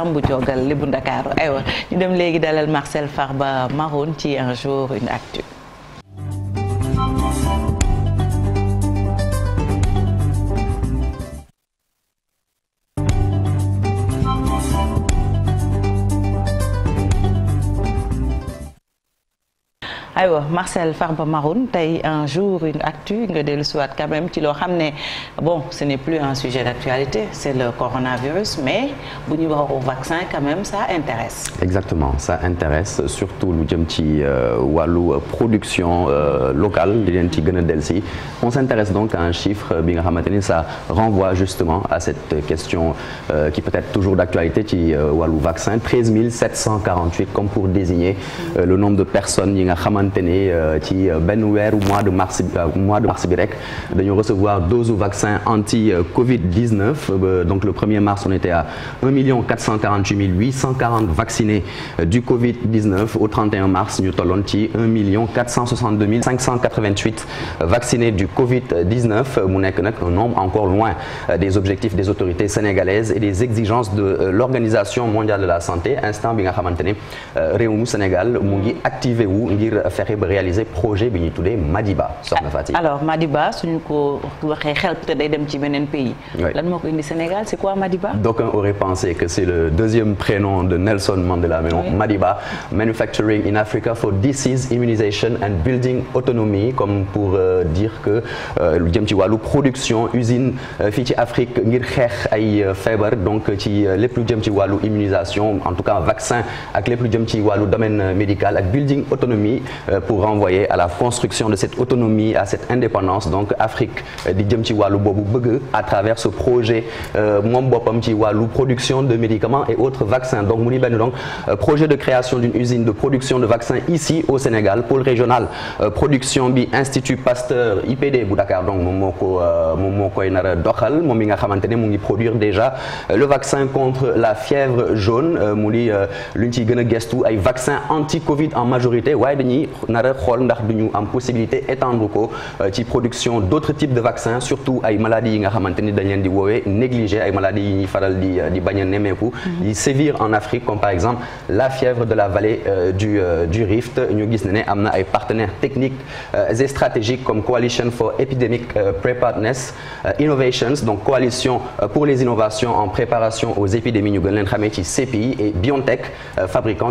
Sambu Diogal li bu Ndakaaru aywa ñu dem léegi dalal Marcel Farba Maroon ci un jour une actu aywa Marcel Farba Maroun tey un jour une actu nga bon ce n'est plus un sujet d'actualité c'est mais bu ñuy wax au vaccin quand même ça intéresse exactement ça intéresse surtout lu jëm ci euh, wàllu production euh, locale di leen ci gën a dellusi on s'intéresse donc à un chiffre bi nga xamante ni ça renvoie justement à cette question euh, qui peut être toujours ci wàllu vaccin le nombre de personnes xamante ne euh, ci euh, benn weeru mois de euh, mois de mars bi rek dañoo recevoir dose vaccin anti Covid 19 donc le 1er mars on était à 1 million 448 mille 840 vaccinés du Covid 19 au 31 mars ñu tolloon ci 1 million 462 mille mu nekk nag un nombre encore loin des objectifs des autorités sénégalaises et des de l'Organisation mondiale de la santé instant bi nga xamante ne réew mu Sénégal mu ngi activé wu ngir fexe ba réaliser projet bi ñuy tuddee Madiba soxna ah, Fatick. alors Madiba suñu ko waxee xel te dem ci beneen pays. lan moo ko indi Sénégal c'est quoi Madiba. d'aucuns auraient pensé que c'est le deuxième prénom de Nelson Mandela mais non Madiba manufacturing in Africa for disease immunization and building autonomy comme pour euh, dire que euh, lu jëm ci wàllu production usine euh, fii ci Afrique ngir xeex ay feebar donc ci lépp lu jëm ci wàllu immunisation en tout cas vaccin ak lépp lu jëm ci wàllu domaine médical ak building autonomie Euh, pour renvoyer à la construction de cette autonomie à cette indépendance donc Afrique euh, di jëm ci wàllu boobu bëgg à travers ce projet euh, moom boppam ci wàllu production de médicaments et autres vaccins donc mu ni benn donc projet de création d'une usine de production de vaccins ici au Sénégal pôle régional production bi Institut Pasteur IPD bu Dakar donc moom moo moom moo koy nar a doxal moom mi nga xamante ne mu ngi produire déjà le vaccin contre la fièvre jaune muli ni lu ciy gën gestu ay vaccin anti Covid en majorité nar a xool ndax du ñu am possibilité étendre ko euh, types de vaccins surtout ay maladies yi nga xamante ni dañ leen di woowee négligé ay maladies yi ñuy faral di euh, di bañ a nemmeeku yi mhm. sévir en Afrique comme par exemple la fièvre de la vallée euh, du Rift ñu gis ne ay partenaires techniques et stratégiques comme Coalition for Epidemic Preparedness Innovations donc coalition pour les innovations en préparation aux épidémies ñu gën leen CPI et BioNTech fabricant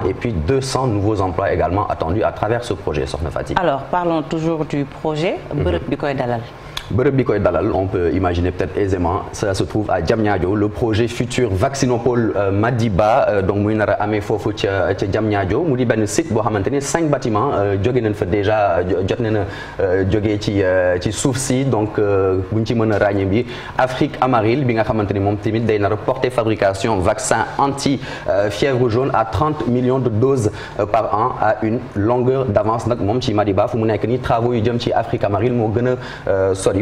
1 et puis 200 nouveaux emplois également attendus à travers ce projet soxna Fatick. alors parlons toujours du projet. bërëb mhm. bi koy dalal. bërëb bi koy dalal on peut imaginer peut-être aisément ça se trouve à Diamniadio le projet futur vaccinopole euh, Madiba euh, donc muy nar a amee foofu ca ca Diamniadio mu di benn site boo xamante ni cinq bâtiments euh, joge nañ fa déjà jot nañ jógee ci ci suuf si donc buñ ci mën a ràññee bi Afrique Amaril bi nga xamante ni moom tamit day nar a porter fabrication vaccin anti fièvre jaune à 30 millions de doses par an à une longueur d'avance nag moom ci Madiba fu mu nekk ni travaux yu jëm ci Afrique Amaril moo gën a sori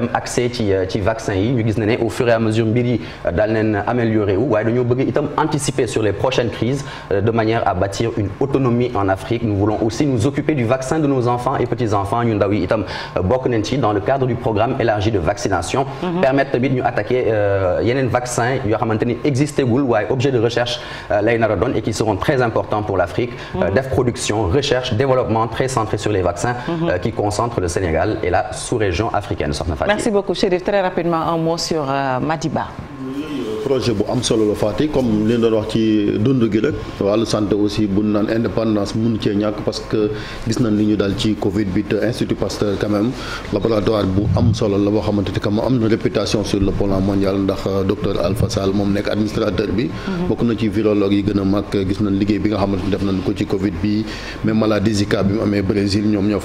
am accès ci euh, ci vaccin yi ñu gis ne ne au fur et à mesure mbir yi euh, daal neen amélioré wu waaye dañoo anticiper sur les prochaines crises euh, de manière à bâtir une autonomie en Afrique nous voulons aussi nous occuper du vaccin de nos enfants et petits-enfants ñu ndaw yi dans le cadre du programme élargi de vaccination mhm. permettre tamit ñu attaquer yeneen vaccin yoo xamante ni gul waaye objet de recherche lay a et qui seront très importants pour Merci beaucoup Chérif. Très rapidement, un mot sur euh, Madiba. projet bu am solo la Fatick comme li doon wax ci dund gi rek wàllu santé aussi bu naan indépendance mun cee ñàkk parce gis nañ li ñu daal ci Covid bi te Institut Pasteur quand laboratoire bu am solo la boo xamante ni am na réputation sur le plan mondial ndax euh, docteur Alpha moom nekk administrateur bi. Mm-hmm. bokk na ci virologue yi gën a mag euh, gis nañ liggéey bi nga xamante ni def nañ ko ci Covid bi mais maladie Zika bi mu amee Brésil ñoom ñoo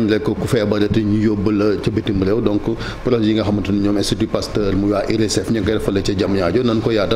bañ rek ku feebar mm-hmm. a nag mm-hmm. a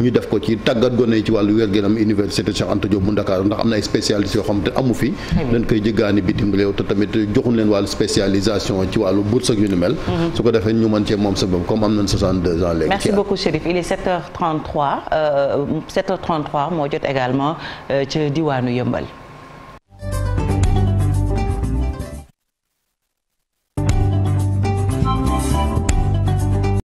ñu def ko ci tàggat gone ci wàllu wér gu université Cheikh Anta bu Ndakaaru ndax am na ay spécialistes yoo xamante amu fi dañ koy jëggaani bitim réew te tamit joxuñ leen wàllu spécialisation ci wàllu bourse ak yu ni mel. Mhm. su ko defee ñu mën cee moom sa bopp comme am nañ 62 ans merci beaucoup Chérif il est 7h33 euh, moo jot également euh, ci diwaanu Yëmbal.